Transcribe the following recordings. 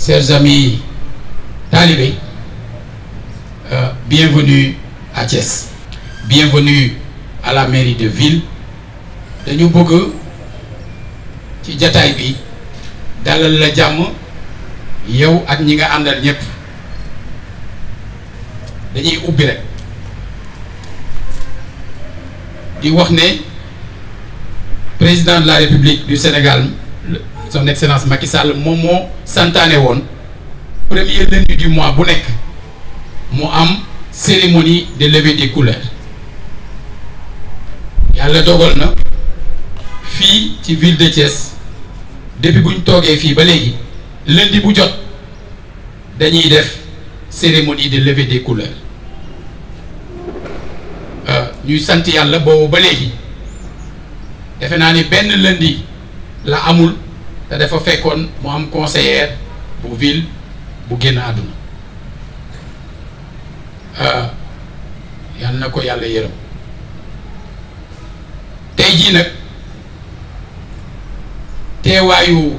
chers amis talibé euh, bienvenue à Thiès bienvenue à la mairie de ville dañu bëgg ci y bi dalal la de yow ak président de la république du Sénégal son excellence Macky Sall Santanéon, premier lundi du mois bu nek mo am cérémonie de levée des couleurs yalla dogal na non? ci ville de Thiès depuis buñ togué fi ba légui lundi bu jot dañuy def cérémonie de levée des couleurs euh, ñuy sant yàlla boobu ba légui defe na ni ben lundi la amul. te dafa fekkoon mu am conseillère bu ville bu génn àdduna ah, yal na ko yàlla yërëm tey jii nag teewaayu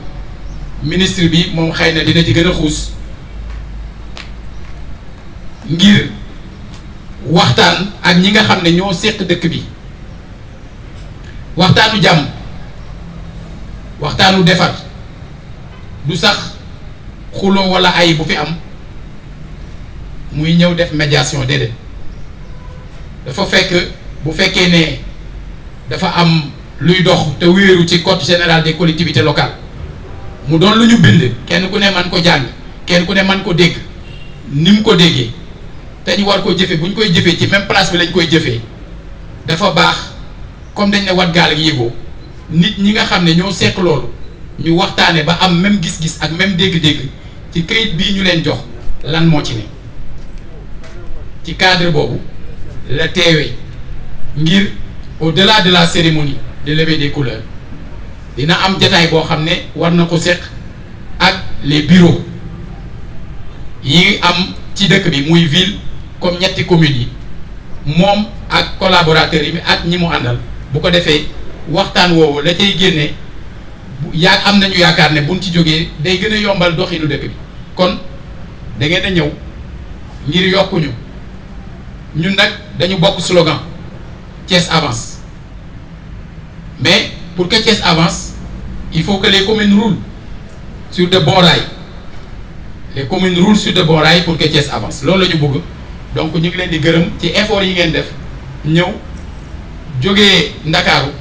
ministre bi moom xay na dina ci gën a xuus ngir waxtaan ak ñi nga xam ne ñoo séq dëkk bi waxtaanu jàmm waxtaanu defar du sax xuloo wala ay bu fi am muy ñew def médiation déedéet dafa fekk bu fekkee ne dafa am luy dox te wéeru ci code général des collectivités locales mu doon luñu ñu bind kenn ku ne man ko jàng kenn ku ne man ko dégg nim ko déggee te ñu war ko jëfee bu ñu koy jëfee ci même place bi lañ koy jëfee dafa baax comme dañ ne wat gaal ak yéegoo nit ñi nga xamné ñoo seq loolu ñu waxtané ba am même gis-gis ak même dégg-dégg ci kayit bi ñu leen jox lan cadre la au-delà de la cérémonie de levée des couleurs dina am jataay bo xamné war na les bureaux yi am ci dëkk bi muy ville comme ñetti ak yi ñi mu waxtaan woowu la cay génne yaa am nañu yaakaar ne buñ ci jógee day gën a yombal doxinu dëkk bi kon da ngeen a ñëw ngir yokkuñu ñun nag dañu bokk slogan Thiès avance mais pour que Thiès avance il faut que les communes roulent sur de bons rails les communes roulent sur de bons rails pour que Thiès avance loolu la ñu bëgg donc ñu ngi leen di gërëm ci effort yi ngeen def ñëw jógee Ndakaaru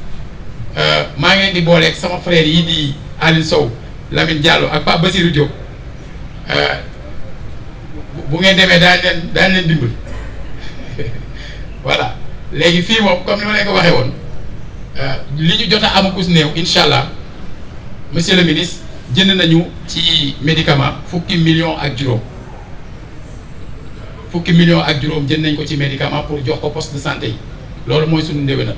Euh, maa ngi di booleek sama frère yi di Aliou Sow Lamine Diallo ak Pape Basirou Diop euh, bu ngeen demee daañu leen daañu leen dimbal voilà léegi fii moom comme ni ma leen ko waxee woon euh, li ñu jot a am ku néew incha allah monsieur le ministre jënd nañu ci médicament fukki million ak juróom fukki million ak juróom jënd nañ ko ci médicament pour jox ko poste de santé yi loolu mooy suñu ndéwénal.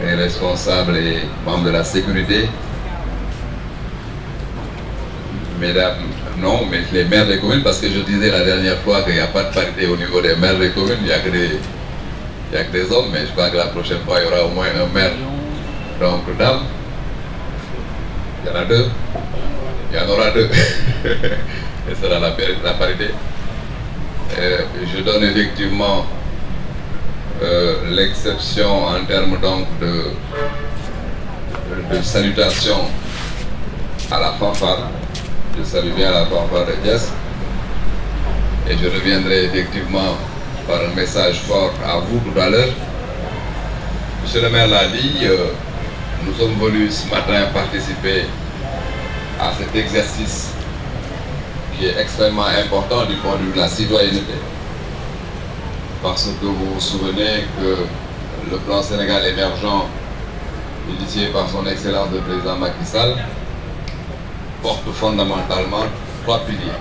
Responsable et membres de la sécurité, mesdames, non, mais les maires des communes, parce que je disais la dernière fois qu'il n'y a pas de parité au niveau des maires des communes, il n'y a, que des hommes, mais je crois que la prochaine fois, il y aura au moins un maire. Donc, dames, il y en a deux, il y en aura deux, et ce sera la, parité. Euh, je donne effectivement euh, l'exception en termes donc de, de salutation à la fanfare. Je salue bien la fanfare de Et je reviendrai effectivement par un message fort à vous tout à l'heure. Monsieur le maire l'a dit, euh, nous sommes venus ce matin participer à cet exercice qui est extrêmement important du point de vue de la citoyenneté parce que vous vous souvenez que le plan Sénégal émergent, initié par son excellence de président Macky Sall, porte fondamentalement trois piliers.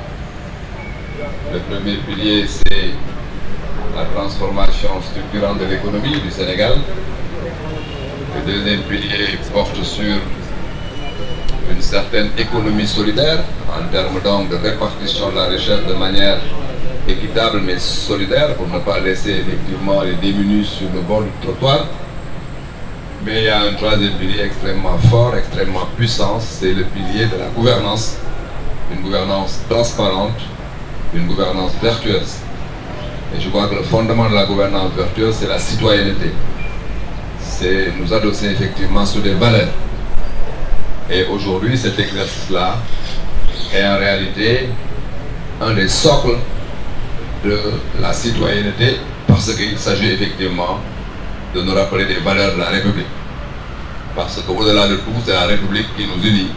Le premier pilier, c'est la transformation structurante de l'économie du Sénégal. Le deuxième pilier porte sur une certaine économie solidaire en termes donc de répartition de la richesse de manière équitable mais solidaire pour ne pas laisser effectivement les démunis sur le bord du trottoir. Mais il y a un troisième pilier extrêmement fort, extrêmement puissant, c'est le pilier de la gouvernance. Une gouvernance transparente, une gouvernance vertueuse. Et je crois que le fondement de la gouvernance vertueuse, c'est la citoyenneté. C'est nous adosser effectivement sur des valeurs. Et aujourd'hui, cet exercice-là est en réalité un des socles de la citoyenneté parce qu'il s'agit effectivement de nous rappeler des valeurs de la République. Parce qu'au-delà de tout, c'est la République qui nous unit.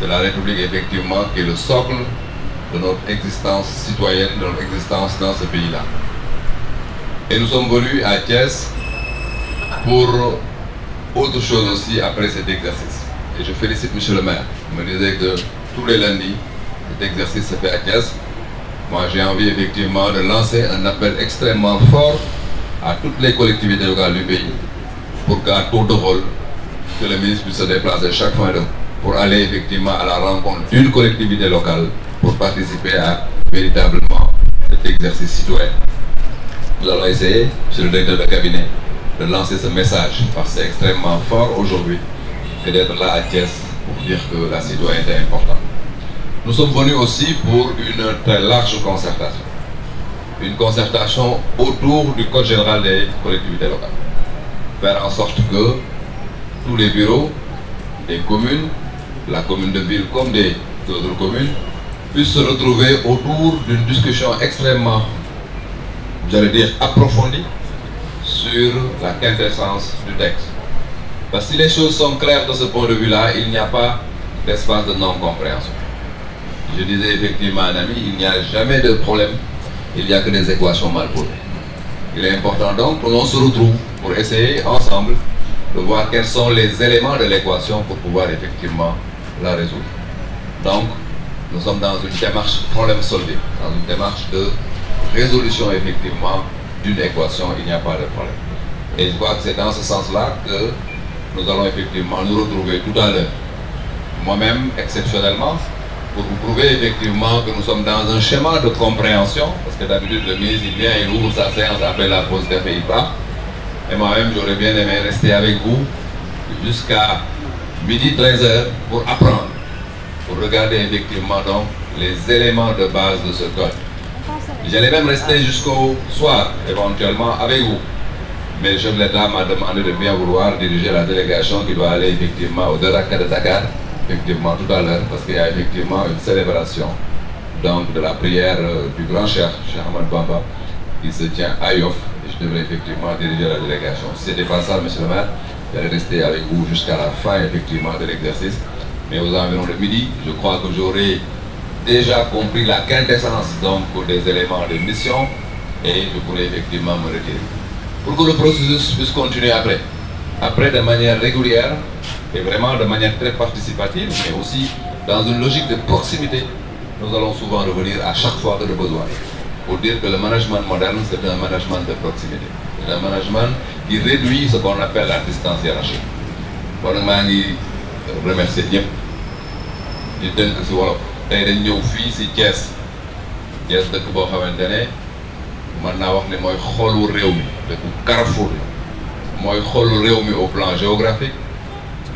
C'est la République effectivement qui est le socle de notre existence citoyenne, de notre existence dans ce pays-là. Et nous sommes venus à Thiès pour autre chose aussi après cet exercice. Et je félicite M. le maire. Il me disait que tous les lundis, cet exercice se fait à Thiès moi j'ai envie effectivement de lancer un appel extrêmement fort à toutes les collectivités locales du pays pour qu'à tour de rôle, que le ministre puisse se déplacer chaque fois pour aller effectivement à la rencontre d'une collectivité locale pour participer à véritablement cet exercice citoyen. Nous allons essayer, sur le directeur de cabinet, de lancer ce message parce que c'est extrêmement fort aujourd'hui et d'être là à Thiès pour dire que la citoyenneté est importante. Nous sommes venus aussi pour une très large concertation. Une concertation autour du Code général des collectivités locales. Faire en sorte que tous les bureaux des communes, la commune de ville comme des autres communes, puissent se retrouver autour d'une discussion extrêmement, j'allais dire, approfondie sur la quintessence du texte. Parce que si les choses sont claires de ce point de vue-là, il n'y a pas d'espace de non-compréhension. Je disais effectivement à un ami, il n'y a jamais de problème, il n'y a que des équations mal posées. Il est important donc que l'on se retrouve pour essayer ensemble de voir quels sont les éléments de l'équation pour pouvoir effectivement la résoudre. Donc, nous sommes dans une démarche problème solvé, dans une démarche de résolution effectivement d'une équation, il n'y a pas de problème. Et je crois que c'est dans ce sens-là que nous allons effectivement nous retrouver tout à l'heure. Moi-même, exceptionnellement, pour vous prouver effectivement que nous sommes dans un schéma de compréhension, parce que d'habitude le ministre il vient, il ouvre sa séance après la pause des Pays-Bas. Et moi-même j'aurais bien aimé rester avec vous jusqu'à midi 13h pour apprendre, pour regarder effectivement donc les éléments de base de ce code. J'allais même rester jusqu'au soir éventuellement avec vous. Mais le chef de l'État m'a demandé de bien vouloir diriger la délégation qui doit aller effectivement au-delà de Dakar effectivement tout à l'heure, parce qu'il y a effectivement une célébration donc, de la prière euh, du grand cher, Cheikh Hamad Bamba, qui se tient à Yoff. je devrais effectivement diriger la délégation. Si ce n'était pas ça, monsieur le maire, j'allais rester avec vous jusqu'à la fin effectivement de l'exercice. Mais aux environs de midi, je crois que j'aurai déjà compris la quintessence donc, des éléments de mission et je pourrais effectivement me retirer. Pour que le processus puisse continuer après, après de manière régulière, et vraiment de manière très participative, mais aussi dans une logique de proximité. Nous allons souvent revenir à chaque fois de le besoin. Pour dire que le management moderne, c'est un management de proximité. C'est un management qui réduit ce qu'on appelle la distance hiérarchique. Pour le moment, au plan géographique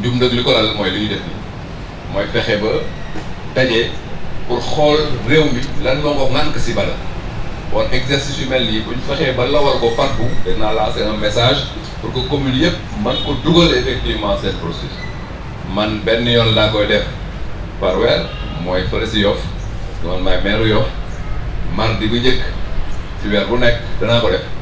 njum nag li ko mooy li def nii mooy fexe ba daje pour xool réew mi lan moo ko ŋànk si bala kon exercice yu mel nii bu ñu fexee ba lawal ko partout dinaa lancer un message pour que commune yëpp man ko dugal effectivement seen processus man benn yoon laa koy def par weer mooy fële si Yoff man maay maire Yoff mardi bu njëkk si weer bu nekk danaa ko def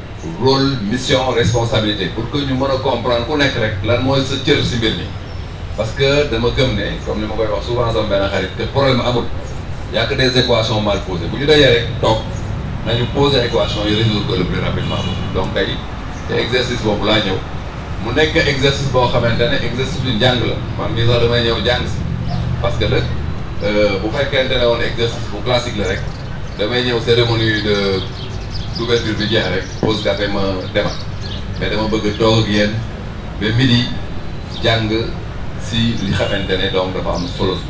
rôle mission responsabilité pour que ñu mën a comprendre ku nekk rek lan moo sa cër si mbir mi parce que dama gëm ne comme ni ma koy wax souvent sama benn xarit te problème amul y'a que des équations mal posées bu ñu dajee rek toog nañu poser équation yi résoudre ko le plus rapidement donc tey te exercice boobu laa ñëw mu nekk exercice boo xamante ne exercice bi njàng la man mii sax damay ñëw jàng si parce que nag euh, bu fekkente ne woon exercice rek damay ñëw cérémonie de Tugas mbir mi rek pos kafe ma demal mais dama bëgg toog ak midi si li xamante dong donc dafa am solo su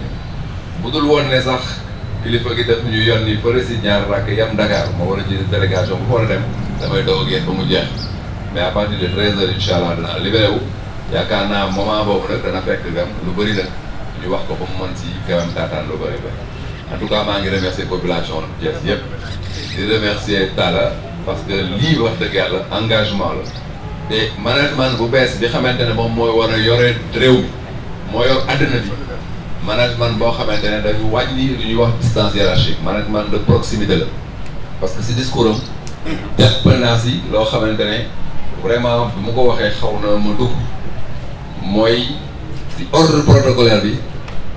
bu dul woon ne sax kilifa gi daf ñu yónni fële si ñaar rakk yam Dakar ma war a jiite délégation bu war dem damay doog ak ba mu jeex mais à partir de heures allah libéré wu yaakaar naa moment boobu nag dana fekk gam lu bëri nag ñu wax ko ba mu mën si gawam taataan lu bëri bëri en tout cas maa ngi remercier population Je remercie Tala parce que lii wax dëgg yàlla engagement la te management bu bees bi xamante que vous avez war a yore réew mi moo yor àddina bi management vous xamante ne dañu wàññi li ñuy wax distance hiérarchique management de proximité la parce que si discours am jàpp naa si loo xamante ne vraiment bu ma ko waxee xaw na ma dugg mooy si ordre protocolaire bi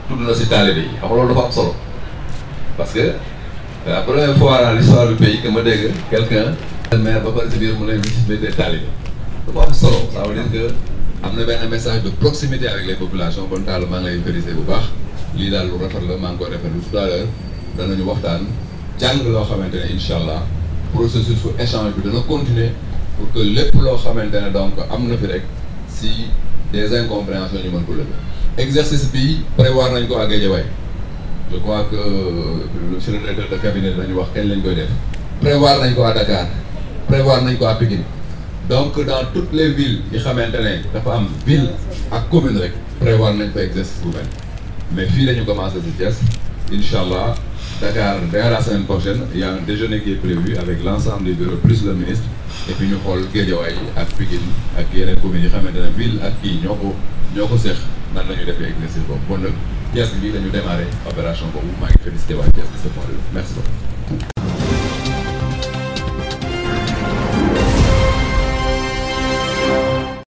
tudd na si taalibe yi xam loolu dafa am solo parce que la première fois dans l'histoire du pays que ma dégg quelqu'un le maire ba pare si biir mu ne municipalité des talibé solo ça veut dire que am na benn message de proximité avec les populations kon taalu maa ngi lay féliciter bu baax lii daal lu rafet la maa ngi ko rafetlu tout à l'heure danañu waxtaan jàng loo xamante ne incha allah processus su échange bi dana continuer pour que lépp loo xamante donc am na fi rek si des incompréhensions ñu mën ko lever exercice pays, prévoir nañ ko à Guédiawaye je crois que le secrétaire de cabinet dañu wax kañ lañ koy def prévoir nañ ko à Dakar prévoir nañ à Pékin. donc dans toutes les villes il y a dafa am ville ak commune rek prévoir nañ fa exercice gouvernement. mais fii lañu commencé cette Thiès Inch'Allah, Dakar dès la semaine prochaine il y a un déjeuner qui est prévu avec l'ensemble des bureaux plus le ministre et puis ñu allons Guédiawaye à à à à à yi xamante ville ak kii ñoo ko ñoo à seq nan la ñuy defee exercice bon Jaz bi bil en ljudem a reči, aberrations pour vous, ma expérience de voyage de ce point